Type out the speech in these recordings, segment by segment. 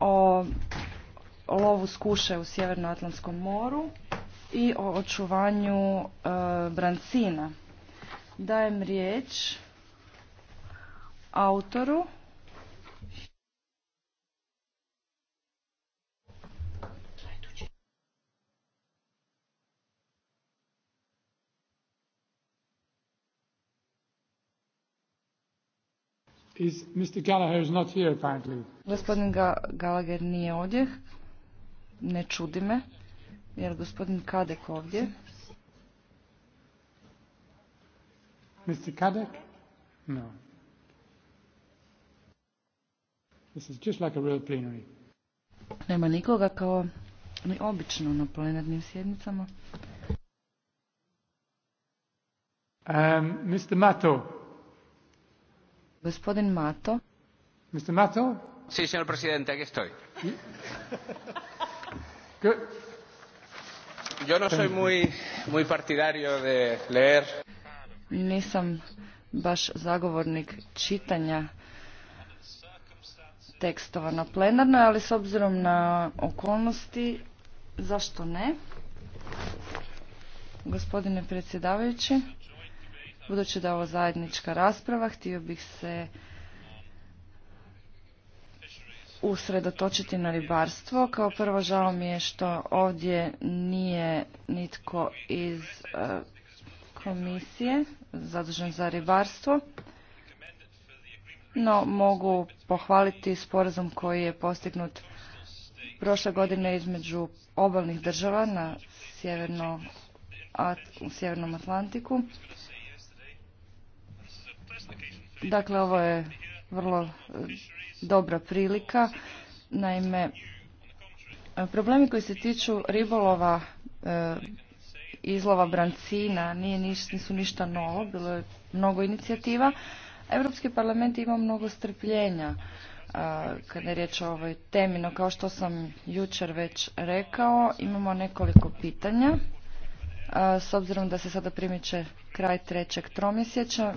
o lovu skuše u Sjevernoatlantskom moru i o očuvanju e, brancina. Dajem riječ autoru is Mr. Gallagher is not here apparently. Gospodin Ga Gallagher nije ovdje. Ne čudi me. Jer gospodin Kadek ovdje. Mr. Kadek? No. This is just like a real plenary. Nema nikoga kao ni obično na plenarnim sjednicama. Um, Mr. Mato. Gospodin Mato. Mr. Mato? Sí, señor presidente, aquí estoy. Yo no soy muy partidario de leer. Nisam baš zagovornik čitanja tekstova na plenarnoj, ali s obzirom na okolnosti, zašto ne? Gospodine predsjedavajući, Budući da je ovo zajednička rasprava, htio bih se usredotočiti na ribarstvo. Kao prvo žao mi je što ovdje nije nitko iz e, komisije zadužen za ribarstvo. No, mogu pohvaliti sporazum koji je postignut prošle godine između obalnih država na sjeverno, u Sjevernom Atlantiku Dakle, ovo je vrlo e, dobra prilika. Naime, e, problemi koji se tiču ribolova e, izlova brancina nije niš, nisu ništa novo, bilo je mnogo inicijativa. Europski parlament ima mnogo strpljenja kada je riječ o ovoj temi, no kao što sam jučer već rekao, imamo nekoliko pitanja. S obzirom da se sada primiče kraj trećeg tromjesečja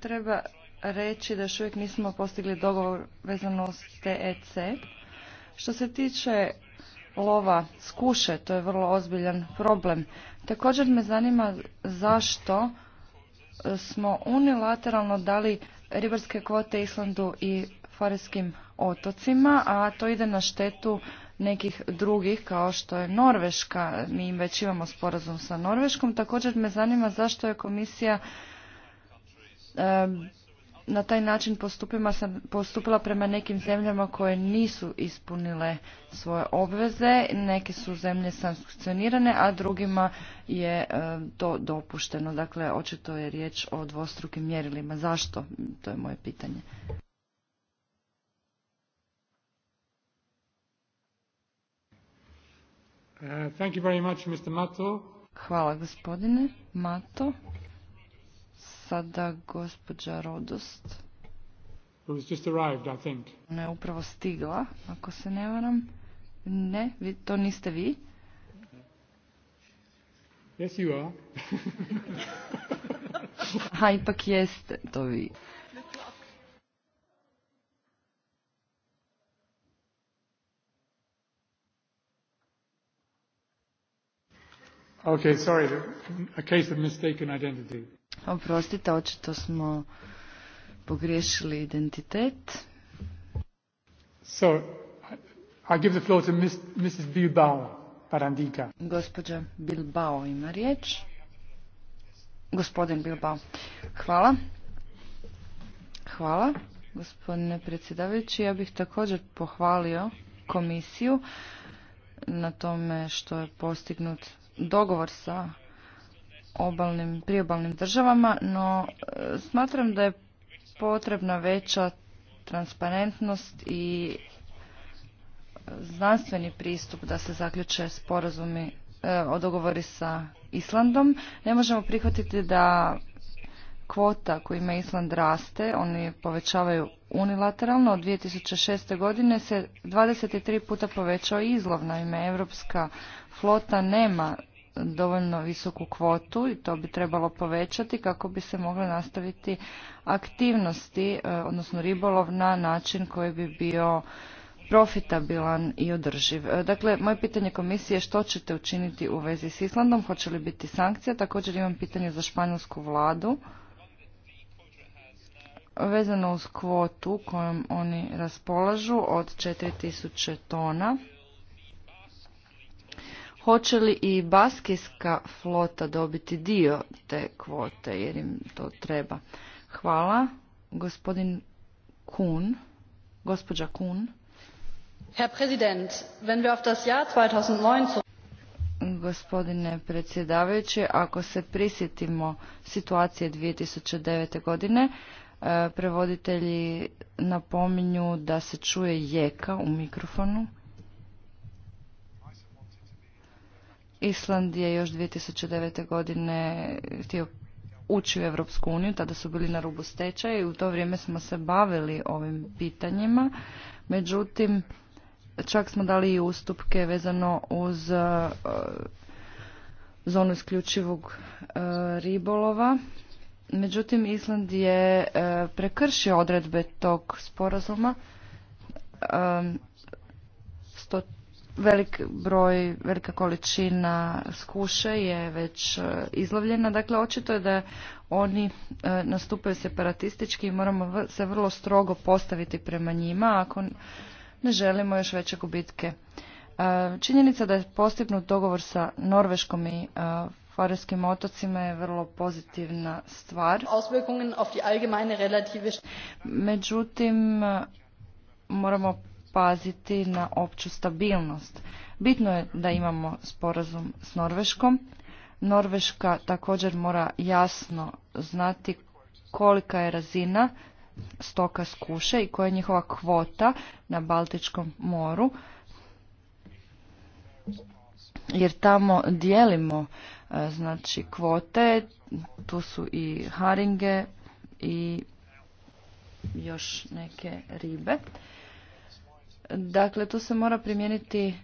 treba reći da još uvijek nismo postigli dogovor vezano s TEC. Što se tiče lova skuše, to je vrlo ozbiljan problem. Također me zanima zašto e, smo unilateralno dali ribarske kvote Islandu i Farijskim otocima, a to ide na štetu nekih drugih kao što je Norveška. Mi već imamo sporazum sa Norveškom. Također me zanima zašto je komisija na taj način postupila sam postupila prema nekim zemljama koje nisu ispunile svoje obveze. Neke su zemlje sankcionirane, a drugima je to dopušteno. Dakle, očito je riječ o dvostrukim mjerilima. Zašto? To je moje pitanje. Uh, Hvala gospodine Mato sada gospođa Rodost. Who just arrived, I think. Ona je upravo stigla, ako se ne varam. Ne, vi, to niste vi. Yes, you are. Aha, ipak jeste to vi. Okay, sorry, a case of mistaken identity. Oprostite, očito smo pogriješili identitet. So, I give the floor to Mrs. Bilbao Gospođa Bilbao ima riječ. Gospodin Bilbao. Hvala. Hvala, gospodine predsjedavajući. Ja bih također pohvalio komisiju na tome što je postignut dogovor sa obalnim, priobalnim državama, no e, smatram da je potrebna veća transparentnost i znanstveni pristup da se zaključe sporazumi e, o dogovori sa Islandom. Ne možemo prihvatiti da kvota kojima Island raste, oni povećavaju unilateralno. Od 2006. godine se 23 puta povećao izlov, naime Evropska flota nema dovoljno visoku kvotu i to bi trebalo povećati kako bi se mogle nastaviti aktivnosti, e, odnosno ribolov na način koji bi bio profitabilan i održiv. E, dakle, moje pitanje komisije je što ćete učiniti u vezi s Islandom, hoće li biti sankcija? Također imam pitanje za španjolsku vladu vezano uz kvotu kojom oni raspolažu od 4000 tona. Hoće li i baskijska flota dobiti dio te kvote jer im to treba? Hvala. Gospodin Kun, gospođa Kun. Herr Präsident, wenn wir auf das Jahr 2009 Gospodine predsjedavajući, ako se prisjetimo situacije 2009. godine, e, prevoditelji napominju da se čuje jeka u mikrofonu. Island je još 2009. godine htio ući u Europsku uniju, tada su bili na rubu stečaja i u to vrijeme smo se bavili ovim pitanjima. Međutim, čak smo dali i ustupke vezano uz e, zonu isključivog e, ribolova. Međutim, Island je e, prekršio odredbe tog sporazuma velik broj, velika količina skuše je već e, izlovljena. Dakle, očito je da oni e, nastupaju separatistički i moramo se vrlo strogo postaviti prema njima ako ne želimo još veće gubitke. E, činjenica da je postignut dogovor sa Norveškom i farskim otocima je vrlo pozitivna stvar. Međutim, moramo paziti na opću stabilnost. Bitno je da imamo sporazum s Norveškom. Norveška također mora jasno znati kolika je razina stoka skuše i koja je njihova kvota na Baltičkom moru, jer tamo dijelimo e, znači, kvote, tu su i haringe i još neke ribe. Dakle, tu se mora primijeniti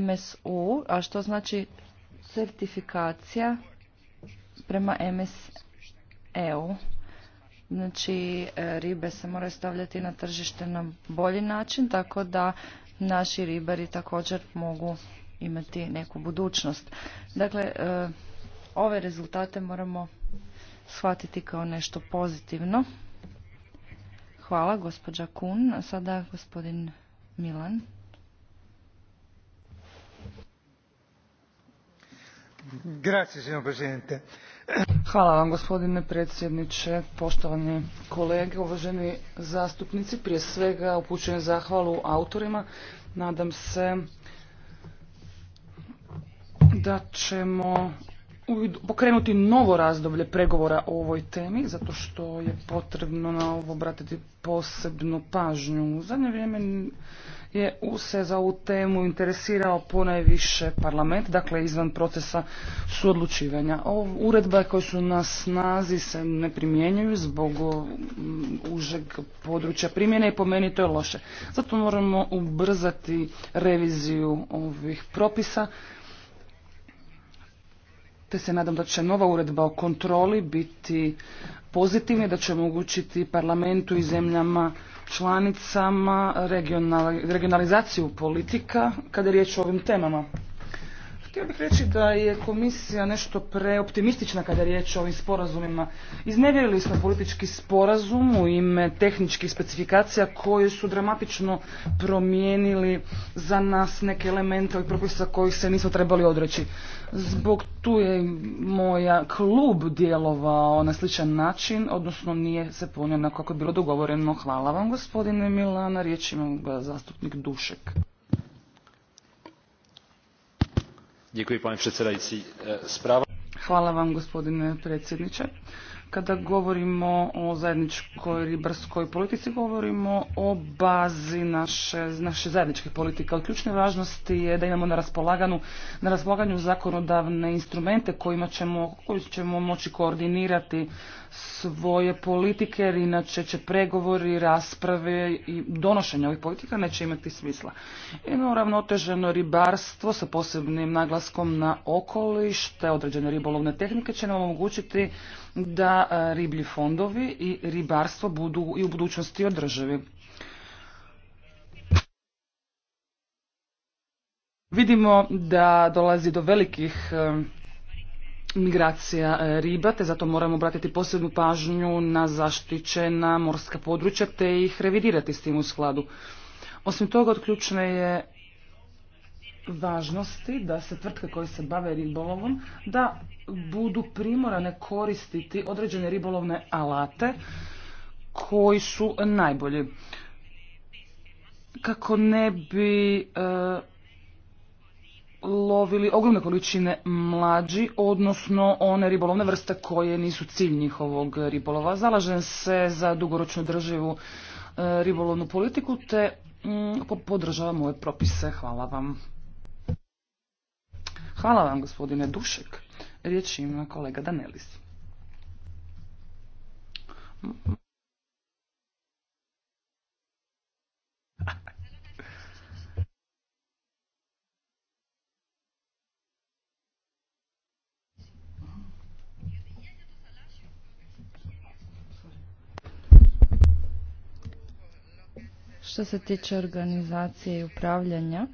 MSU, a što znači certifikacija prema EU. Znači, e, ribe se moraju stavljati na tržište na bolji način, tako da naši ribari također mogu imati neku budućnost. Dakle, e, ove rezultate moramo shvatiti kao nešto pozitivno. Hvala, gospođa Kun. A sada gospodin Milan. Hvala vam gospodine predsjedniče, poštovani kolege, uvaženi zastupnici. Prije svega upućujem zahvalu autorima. Nadam se da ćemo pokrenuti novo razdoblje pregovora o ovoj temi, zato što je potrebno na ovo obratiti posebnu pažnju. U zadnje vrijeme je se za ovu temu interesirao ponajviše parlament, dakle izvan procesa suodlučivanja. Uredbe uredba koje su na snazi se ne primjenjuju zbog užeg područja primjene i po meni to je loše. Zato moramo ubrzati reviziju ovih propisa te se nadam da će nova uredba o kontroli biti pozitivna i da će omogućiti parlamentu i zemljama članicama regionalizaciju politika kada je riječ o ovim temama. Htio bih reći da je komisija nešto preoptimistična kada je riječ o ovim sporazumima. Iznevjerili smo politički sporazum u ime tehničkih specifikacija koje su dramatično promijenili za nas neke elemente i propisa kojih se nismo trebali odreći. Zbog tu je moja klub djelovao na sličan način, odnosno nije se ponio na kako je bilo dogovoreno. Hvala vam gospodine Milana, riječ ima zastupnik Dušek. pane předsedající eh, zpráva Hvala vam gospodine predsjedniče. Kada govorimo o zajedničkoj ribarskoj politici, govorimo o bazi naše, naše zajedničke politike. Od ključne važnosti je da imamo na raspolaganju, na raspolaganju zakonodavne instrumente kojima ćemo, koji ćemo moći koordinirati svoje politike, jer inače će pregovori, rasprave i donošenje ovih politika neće imati smisla. Jedno ravnoteženo ribarstvo sa posebnim naglaskom na okolište, te određene ribolovne tehnike će nam omogućiti da e, riblji fondovi i ribarstvo budu i u budućnosti održivi. Vidimo da dolazi do velikih e, migracija e, riba, te zato moramo obratiti posebnu pažnju na zaštićena morska područja te ih revidirati s tim u skladu. Osim toga, ključna je važnosti da se tvrtke koje se bave ribolovom da budu primorane koristiti određene ribolovne alate koji su najbolji. Kako ne bi e, lovili ogromne količine mlađi, odnosno one ribolovne vrste koje nisu cilj njihovog ribolova. Zalažem se za dugoročnu održivu e, ribolovnu politiku te mm, podržavam ove propise. Hvala vam. Hvala vam, gospodine Dušek. Riječ ima kolega Danelis. Što se tiče organizacije i upravljanja,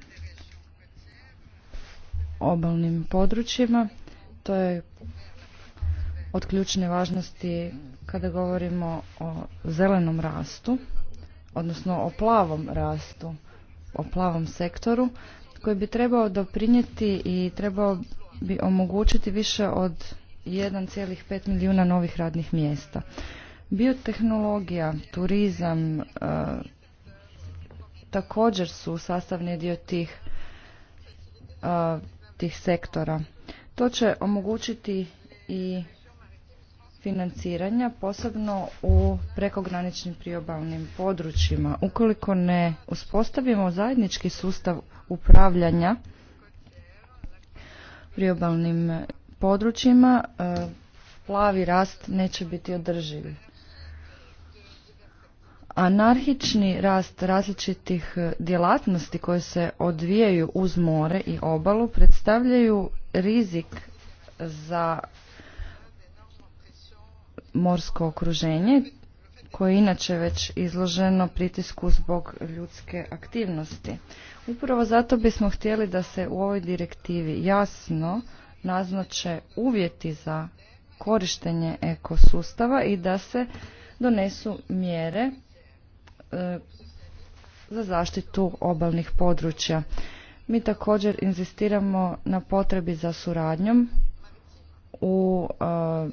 obalnim područjima. To je od ključne važnosti kada govorimo o zelenom rastu, odnosno o plavom rastu, o plavom sektoru, koji bi trebao doprinijeti i trebao bi omogućiti više od 1,5 milijuna novih radnih mjesta. Biotehnologija, turizam e, također su sastavni dio tih e, različitih sektora. To će omogućiti i financiranja, posebno u prekograničnim priobalnim područjima. Ukoliko ne uspostavimo zajednički sustav upravljanja priobalnim područjima, e, plavi rast neće biti održiv. Anarhični rast različitih e, djelatnosti koje se odvijaju uz more i obalu predstavljaju rizik za morsko okruženje koje je inače već izloženo pritisku zbog ljudske aktivnosti. Upravo zato bismo htjeli da se u ovoj direktivi jasno naznače uvjeti za korištenje ekosustava i da se donesu mjere E, za zaštitu obalnih područja. Mi također inzistiramo na potrebi za suradnjom u e,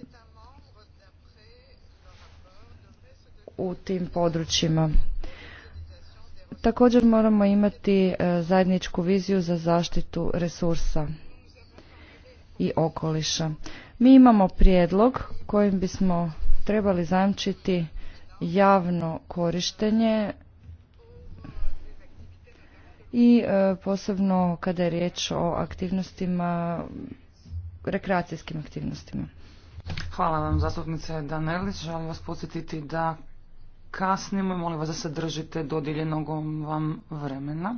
u tim područjima. Također moramo imati e, zajedničku viziju za zaštitu resursa i okoliša. Mi imamo prijedlog kojim bismo trebali zajamčiti javno korištenje i e, posebno kada je riječ o aktivnostima, rekreacijskim aktivnostima. Hvala vam, zastupnice Danelić. Želim vas podsjetiti da kasnimo i molim vas da se držite dodijeljenog vam vremena.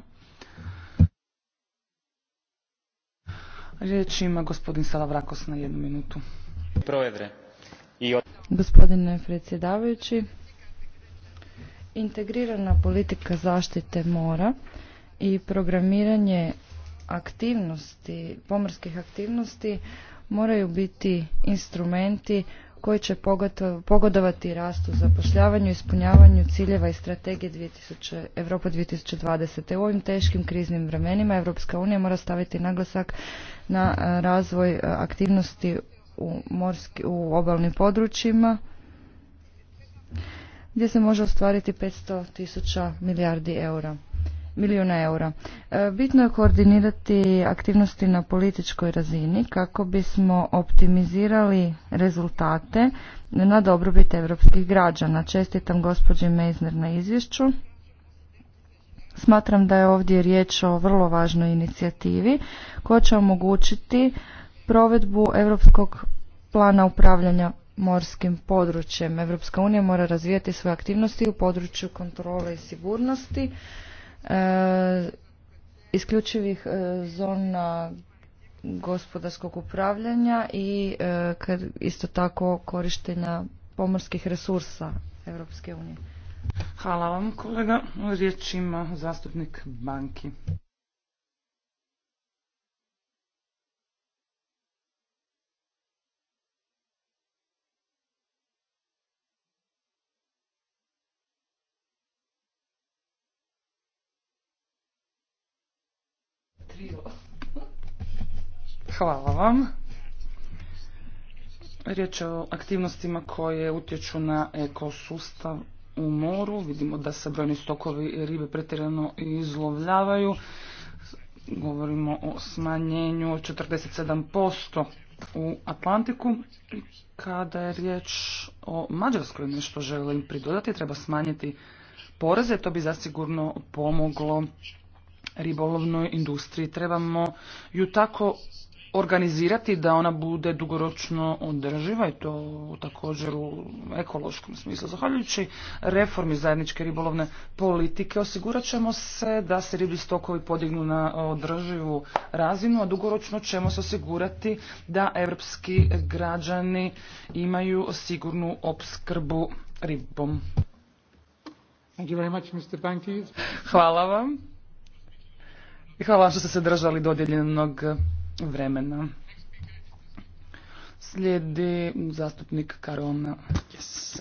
Riječ ima gospodin Salavrakos na jednu minutu. Gospodine predsjedavajući, Integrirana politika zaštite mora i programiranje aktivnosti, pomorskih aktivnosti moraju biti instrumenti koji će pogodovati rastu zapošljavanju, i ispunjavanju ciljeva i strategije 2000, Evropa 2020. U ovim teškim kriznim vremenima Evropska unija mora staviti naglasak na e, razvoj e, aktivnosti u, u obalnim područjima gdje se može ostvariti 500 tisuća milijardi eura milijuna eura. E, bitno je koordinirati aktivnosti na političkoj razini kako bismo optimizirali rezultate na dobrobit evropskih građana. Čestitam gospođi Meisner na izvješću. Smatram da je ovdje riječ o vrlo važnoj inicijativi koja će omogućiti provedbu Europskog plana upravljanja morskim područjem. Evropska unija mora razvijati svoje aktivnosti u području kontrole i sigurnosti, e, isključivih e, zona gospodarskog upravljanja i e, kad, isto tako korištenja pomorskih resursa Evropske unije. Hvala vam kolega. Riječ ima zastupnik Banki. Hvala vam. Riječ je o aktivnostima koje utječu na ekosustav u moru. Vidimo da se brojni stokovi ribe pretjerano izlovljavaju. Govorimo o smanjenju od 47% u Atlantiku. Kada je riječ o Mađarskoj nešto želim pridodati, treba smanjiti poreze. To bi zasigurno pomoglo ribolovnoj industriji. Trebamo ju tako organizirati da ona bude dugoročno održiva i to također u ekološkom smislu. Zahvaljujući reformi zajedničke ribolovne politike osigurat ćemo se da se riblji stokovi podignu na održivu razinu, a dugoročno ćemo se osigurati da evropski građani imaju sigurnu opskrbu ribom. Hvala vam i hvala vam što ste se držali dodjeljenog vremena. Slijedi zastupnik Karona. Yes.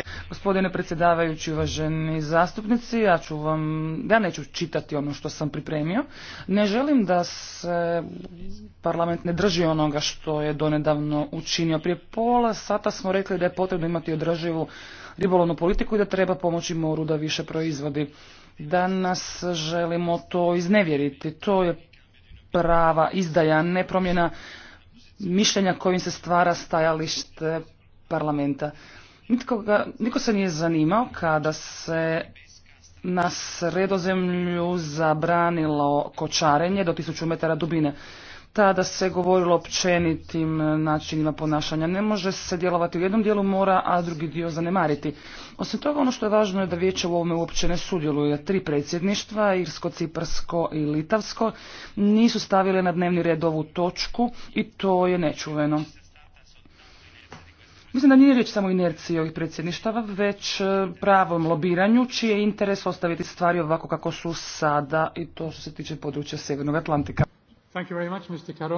E, Gospodine predsjedavajući, uvaženi zastupnici, ja ću vam, ja neću čitati ono što sam pripremio. Ne želim da se parlament ne drži onoga što je donedavno učinio. Prije pola sata smo rekli da je potrebno imati održivu ribolovnu politiku i da treba pomoći moru da više proizvodi. Danas želimo to iznevjeriti. To je prava izdaja, ne promjena mišljenja kojim se stvara stajalište parlamenta. Nitko, se nije zanimao kada se na sredozemlju zabranilo kočarenje do 1000 metara dubine. Tada se govorilo općenitim e, načinima ponašanja. Ne može se djelovati u jednom dijelu mora, a drugi dio zanemariti. Osim toga, ono što je važno je da vijeće u ovome uopće ne sudjeluje. Tri predsjedništva, Irsko, Ciprsko i Litavsko, nisu stavile na dnevni red ovu točku i to je nečuveno. Mislim da nije riječ samo inerciji ovih predsjedništava, već e, pravom lobiranju, čiji je interes ostaviti stvari ovako kako su sada i to što se tiče područja Sjevernog Atlantika.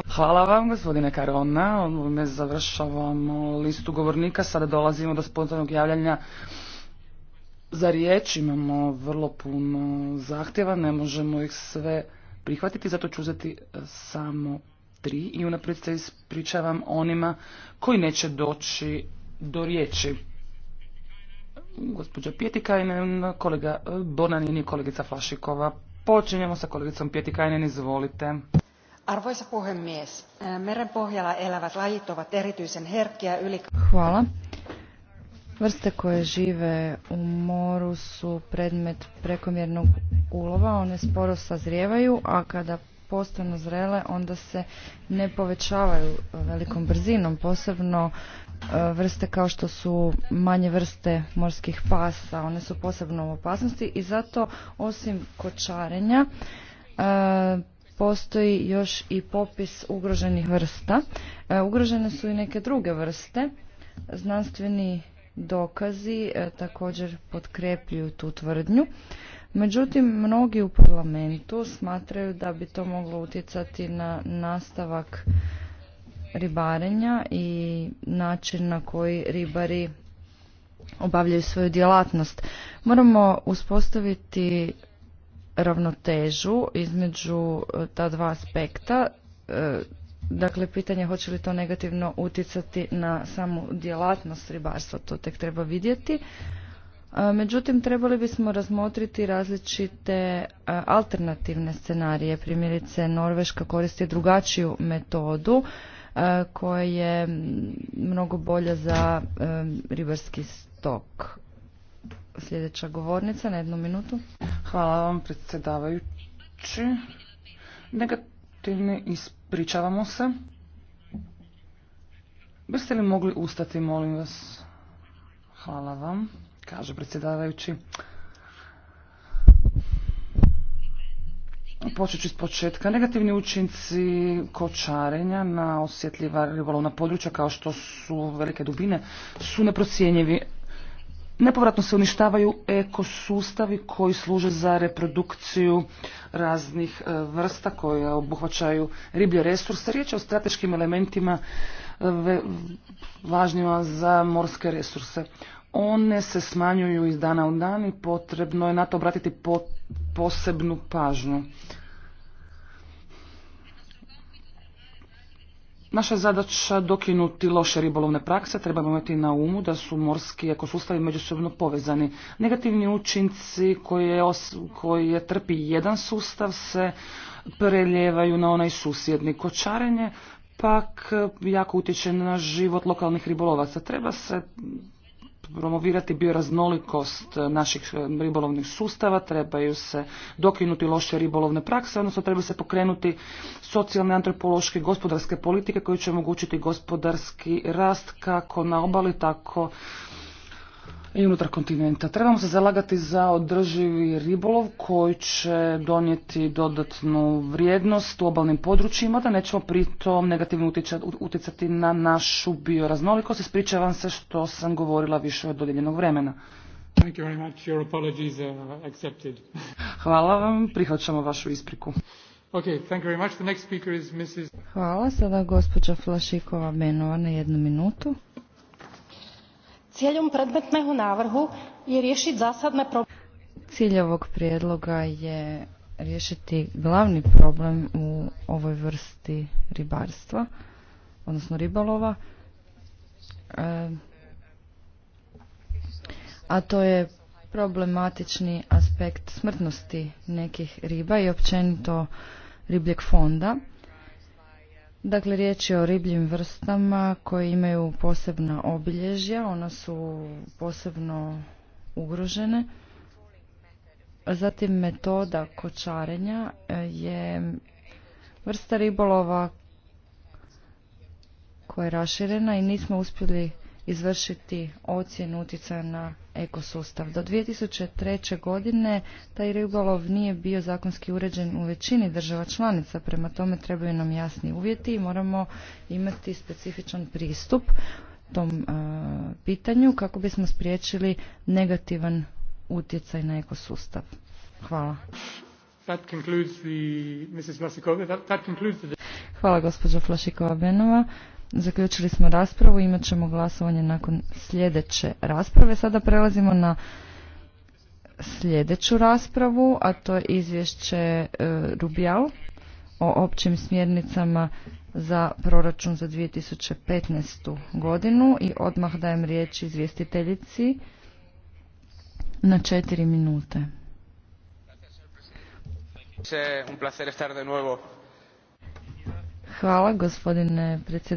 Hvala vam, gospodine Karona. Ovime završavamo listu govornika. Sada dolazimo do spontanog javljanja za riječ. Imamo vrlo puno zahtjeva, ne možemo ih sve prihvatiti, zato ću uzeti e, samo tri i unaprijed se ispričavam onima koji neće doći do riječi. Gospođa Pjetikajnen, kolega e, Bonanin kolegica Flašikova. Počinjemo sa kolegicom Pjetikajnen, izvolite. Arvoisa puhemies, merenpohjalla elävät lajit ovat erityisen herkkiä yli... Hvala. Vrste koje žive u moru su predmet prekomjernog ulova, one sporo sazrijevaju, a kada postanu zrele onda se ne povećavaju velikom brzinom, posebno vrste kao što su manje vrste morskih pasa, one su posebno u opasnosti i zato osim kočarenja postoji još i popis ugroženih vrsta. E, ugrožene su i neke druge vrste. Znanstveni dokazi e, također potkrepljuju tu tvrdnju. Međutim, mnogi u parlamentu smatraju da bi to moglo utjecati na nastavak ribarenja i način na koji ribari obavljaju svoju djelatnost. Moramo uspostaviti ravnotežu između e, ta dva aspekta. E, dakle, pitanje hoće li to negativno utjecati na samu djelatnost ribarstva, to tek treba vidjeti. E, međutim, trebali bismo razmotriti različite alternativne scenarije. Primjerice, Norveška koristi drugačiju metodu koja je mnogo bolja za ribarski stok. Sljedeća govornica na jednu minutu. Hvala vam predsjedavajući. Negativni ispričavamo se. Biste li mogli ustati, molim vas? Hvala vam, kaže predsjedavajući. Počet ću iz početka. Negativni učinci kočarenja na osjetljiva ribolovna područja kao što su velike dubine su neprocjenjivi. Nepovratno se uništavaju ekosustavi koji služe za reprodukciju raznih e, vrsta koje obuhvaćaju riblje resurse. Riječ je o strateškim elementima e, važnima za morske resurse. One se smanjuju iz dana u dan i potrebno je na to obratiti posebnu pažnju. Naša je zadaća dokinuti loše ribolovne prakse, trebamo imati na umu da su morski ekosustavi međusobno povezani. Negativni učinci koje, je trpi jedan sustav se preljevaju na onaj susjedni. Kočarenje pak jako utječe na život lokalnih ribolovaca. Treba se promovirati bioraznolikost eh, naših eh, ribolovnih sustava, trebaju se dokinuti loše ribolovne prakse, odnosno treba se pokrenuti socijalne, antropološke i gospodarske politike koje će omogućiti gospodarski rast kako na obali, tako i unutar kontinenta. Trebamo se zalagati za održivi ribolov koji će donijeti dodatnu vrijednost u obalnim područjima, da nećemo pritom negativno utjecati na našu bioraznolikost. Ispričavam se što sam govorila više od dodijeljenog vremena. Thank you very much. Your apologies are uh, accepted. Hvala vam, prihvaćamo vašu ispriku. Hvala, sada gospođa Flašikova Benova na jednu minutu navrhu je riješiti zasadne probleme. Cilj ovog prijedloga je riješiti glavni problem u ovoj vrsti ribarstva, odnosno ribolova, e, a to je problematični aspekt smrtnosti nekih riba i općenito ribljeg fonda Dakle, riječ je o ribljim vrstama koje imaju posebna obilježja, ona su posebno ugrožene. Zatim metoda kočarenja e, je vrsta ribolova koja je raširena i nismo uspjeli izvršiti ocjenu utjecaja na ekosustav. Do 2003. godine taj ribolov nije bio zakonski uređen u većini država članica, prema tome trebaju nam jasni uvjeti i moramo imati specifičan pristup tom e, pitanju kako bismo spriječili negativan utjecaj na ekosustav. Hvala. Hvala gospođo Flašikova-Benova. Zaključili smo raspravu, imat ćemo glasovanje nakon sljedeće rasprave. Sada prelazimo na sljedeću raspravu, a to je izvješće e, Rubijal o općim smjernicama za proračun za 2015. godinu i odmah dajem riječ izvjestiteljici na četiri minute. Hvala gospodine predsjedniče.